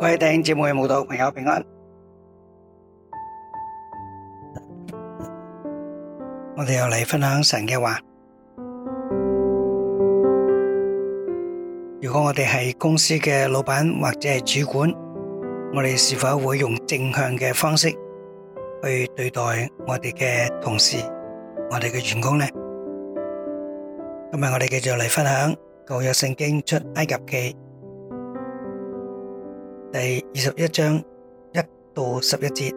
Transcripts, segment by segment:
各位弟兄姊妹、慕道朋友平安，我哋又嚟分享神嘅話。如果我哋係公司嘅老闆或者係主管，我哋是否會用正向嘅方式去對待我哋嘅同事、我哋嘅員工呢？今日我哋繼續嚟分享舊約聖經出埃及記。第二十一章一到十一節，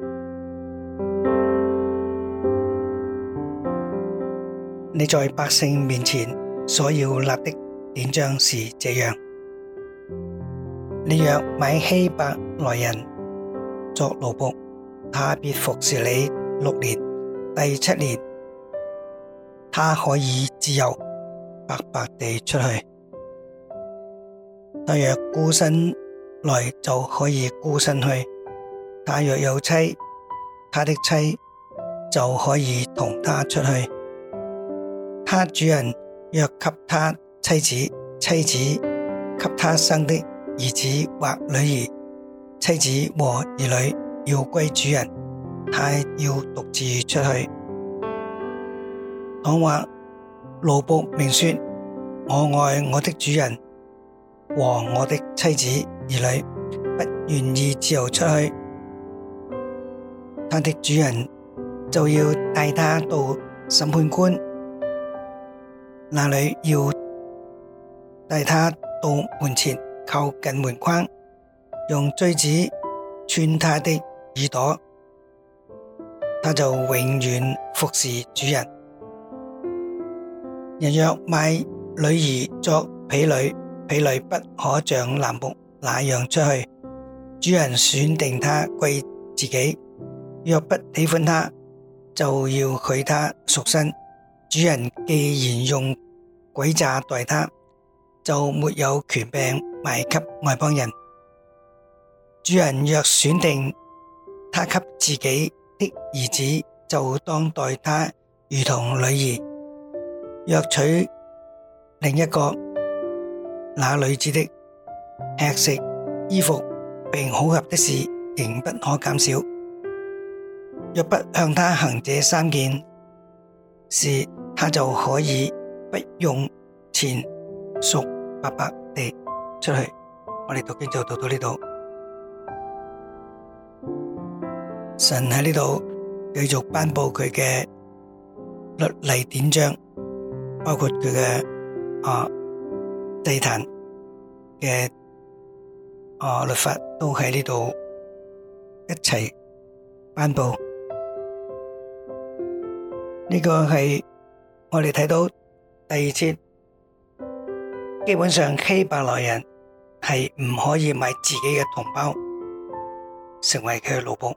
你在百姓面前所要立的典章是這樣：你若買希伯來人作奴僕，他必服事你六年；第七年，他可以自由白白地出去。他若孤身，來就可以孤身去，他若有妻，他的妻就可以同他出去。他主人若給他妻子，妻子給他生的兒子或女兒，妻子和兒女要歸主人，他要獨自出去。倘或奴僕明說：我愛我的主人，和我的妻子兒女，不願意自由出去，他的主人就要帶他到審判官那裏，要帶他到門前靠近門框，用錐子穿他的耳朵，他就永遠服侍主人。人若賣女兒作婢女。婢女不可像男僕那樣出去。主人選定她歸自己，若不喜歡她，就要許她贖身。主人既然用詭詐待他，就沒有權柄賣給外邦人。主人若選定他給自己的兒子，就當待他如同女兒；若娶另一個，那女子的吃食、衣服並好合的事，仍不可減少。若不向他行這三件事，他就可以不用錢贖，白白地出去。我哋讀經就讀到呢度，神喺呢度繼續頒布佢嘅律例典章，包括佢嘅啊。地壇嘅啊律法都喺呢度一齊頒布，呢、這個係我哋睇到第二節，基本上希伯來人係唔可以買自己嘅同胞成為佢嘅奴僕，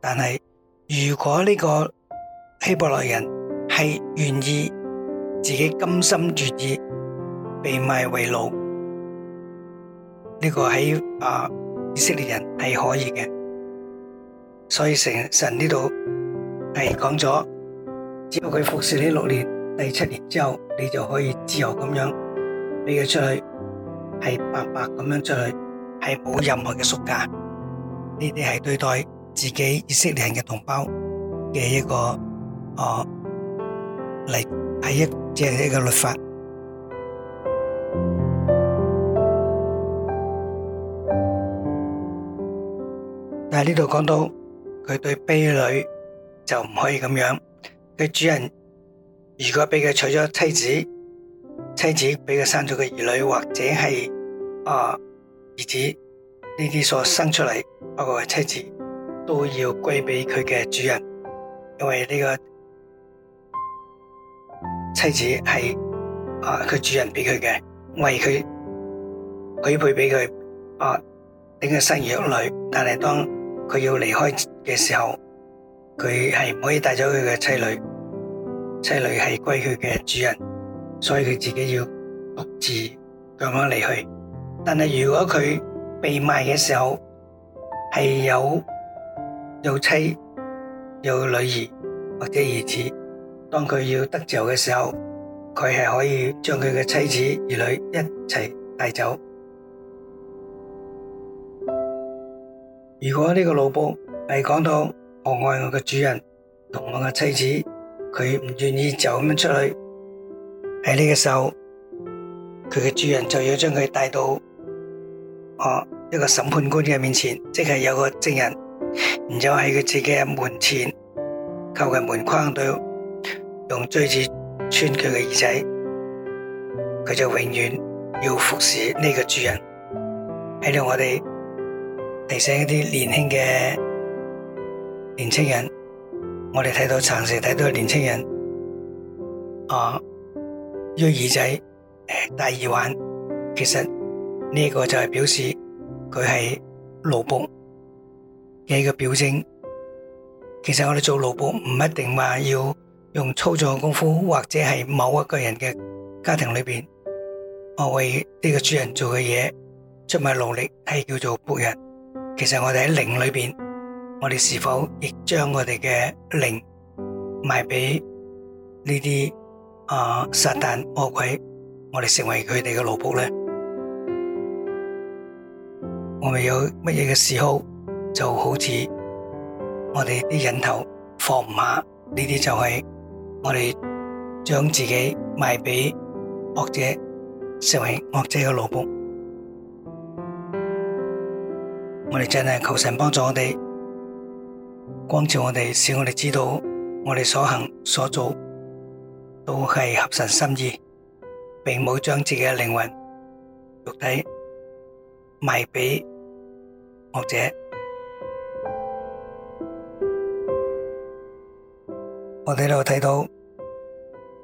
但係如果呢個希伯來人係願意自己甘心願意。被賣為奴，呢個喺啊以色列人係可以嘅，所以神神呢度係講咗，只要佢服侍你六年，第七年之後你就可以自由咁樣俾佢出去，係白白咁樣出去，係冇任何嘅束縛。呢啲係對待自己以色列人嘅同胞嘅一個哦，例係一即係一個律法。但係呢度，講到佢對婢女就唔可以咁樣，佢主人如果俾佢娶咗妻子，妻子俾佢生咗個兒女或者係啊兒子呢啲所生出嚟，包括係妻子都要歸俾佢嘅主人，因為呢個妻子係啊佢主人俾佢嘅，為佢許配俾佢啊，等佢生兒育女，但係當佢要離開嘅時候，佢係唔可以帶走佢嘅妻女，妻女係歸佢嘅主人，所以佢自己要獨自咁樣離去。但係如果佢被賣嘅時候，係有有妻有女兒或者兒子，當佢要得救嘅時候，佢係可以將佢嘅妻子兒女一齊帶走。如果呢個奴僕係講到我愛我嘅主人同我嘅妻子，佢唔願意就咁樣出去，喺呢個時候，佢嘅主人就要將佢帶到，啊、一個審判官嘅面前，即係有個證人，然之後喺佢自己嘅門前靠近門框度用錐子穿佢嘅耳仔，佢就永遠要服侍呢個主人。喺呢，我哋。提醒一啲年輕嘅年青人，我哋睇到常時睇到年青人，啊，要耳仔誒戴耳環，其實呢個就係表示佢係勞僕嘅一個表徵。其實我哋做勞僕唔一定話要用操作嘅功夫，或者係某一個人嘅家庭裏邊，我為呢個主人做嘅嘢出賣勞力，係叫做僕人。其實我哋喺靈裏邊，我哋是否亦將我哋嘅靈賣俾呢啲啊撒旦惡鬼？我哋成為佢哋嘅奴僕咧？我哋有乜嘢嘅嗜好，就好似我哋啲癮頭放唔下，呢啲就係我哋將自己賣俾惡者，成為惡者嘅奴僕。我哋真係求神幫助我哋，光照我哋，使我哋知道我哋所行所做都係合神心意，並冇將自己嘅靈魂、肉體賣俾惡者。我哋又睇到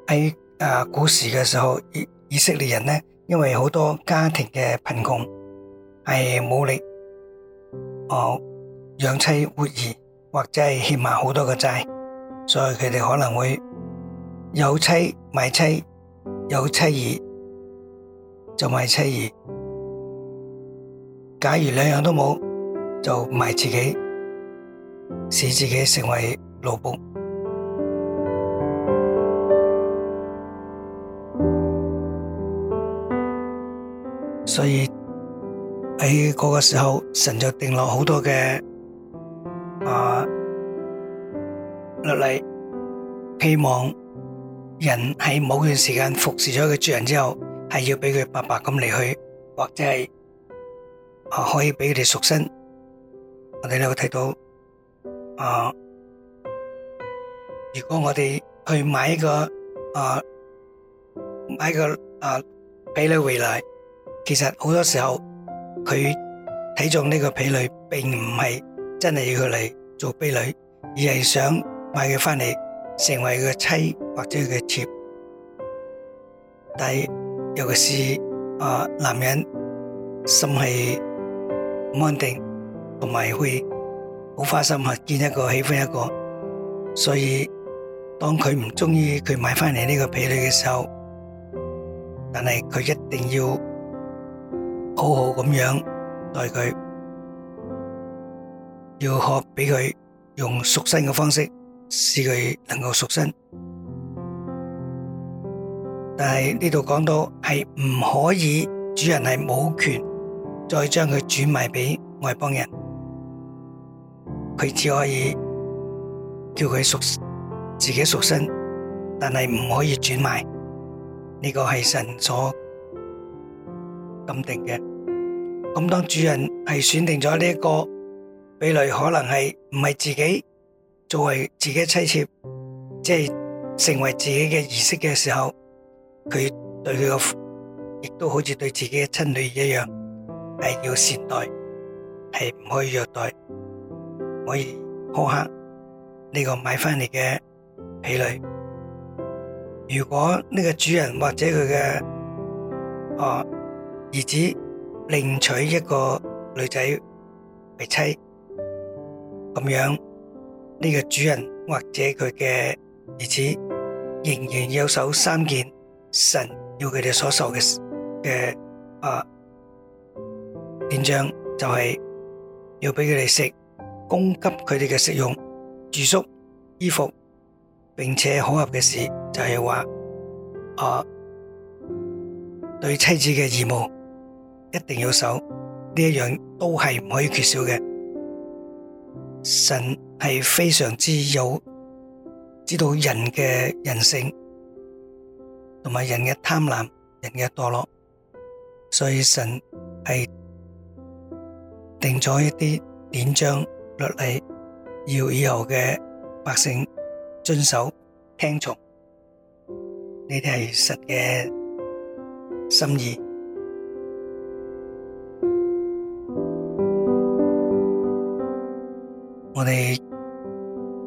喺誒古時嘅時候，以以色列人呢，因為好多家庭嘅貧窮，係冇力。哦，養妻活兒或者係欠埋好多個債，所以佢哋可能會有妻賣妻，有妻兒就賣妻兒，假如兩樣都冇，就賣自己，使自己成為老僕。所以。喺嗰個時候，嗯、神就定落好多嘅啊律例，希望人喺某段時間服侍咗佢主人之後，係要俾佢白白咁離去，或者係啊可以俾佢哋贖身。我哋都會睇到啊，如果我哋去買一個啊買一個啊俾你回來，其實好多時候。佢睇中呢個婢女，並唔係真係要佢嚟做婢女，而係想買佢返嚟，成為佢個妻或者佢個妾。但係尤其是啊男人心氣唔安定，同埋會好花心，見一個喜歡一個，所以當佢唔中意佢買返嚟呢個婢女嘅時候，但係佢一定要。好好咁樣待佢，要學俾佢用贖身嘅方式，使佢能夠贖身。但係呢度講到係唔可以，主人係冇權再將佢轉賣俾外邦人，佢只可以叫佢贖自己贖身，但係唔可以轉賣。呢個係神所定定嘅。咁當主人係選定咗呢一個婢女，可能係唔係自己作為自己妻妾，即係成為自己嘅兒媳嘅時候，佢對佢個亦都好似對自己嘅親女一樣，係要善待，係唔可以虐待，唔可以苛刻呢個買翻嚟嘅婢女。如果呢個主人或者佢嘅啊兒子，另娶一個女仔為妻，咁樣呢個主人或者佢嘅兒子仍然要守三件，神要佢哋所受嘅嘅啊，典章就係要俾佢哋食，供給佢哋嘅食用、住宿、衣服，並且好合嘅事，就係話啊對妻子嘅義務。一定要守呢一樣，都係唔可以缺少嘅。神係非常之有知道人嘅人性，同埋人嘅貪婪、人嘅墮落，所以神係定咗一啲典章律例，要以後嘅百姓遵守聽從。呢啲係神嘅心意。我哋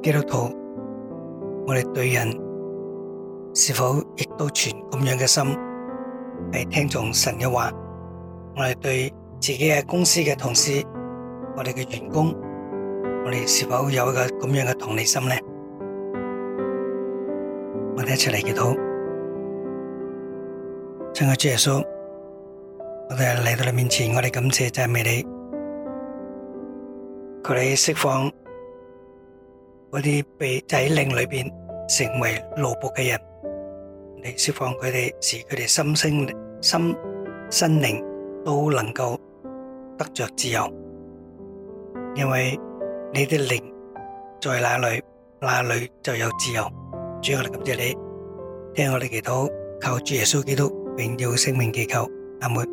基督徒，我哋對人是否亦都存咁樣嘅心？係聽從神嘅話。我哋對自己嘅公司嘅同事，我哋嘅員工，我哋是否有一個咁樣嘅同理心呢？我哋一齊嚟祈禱。親愛的主耶穌，我哋嚟到你面前，我哋感謝就係讚美你，佢哋釋放。嗰啲被仔靈裏邊成為奴僕嘅人，你釋放佢哋，使佢哋心聲、心心靈都能夠得着自由。因為你啲靈在哪裏，哪裏就有自由。主，我哋感謝你，聽我哋祈禱，靠主耶穌基督榮耀生命祈求阿妹。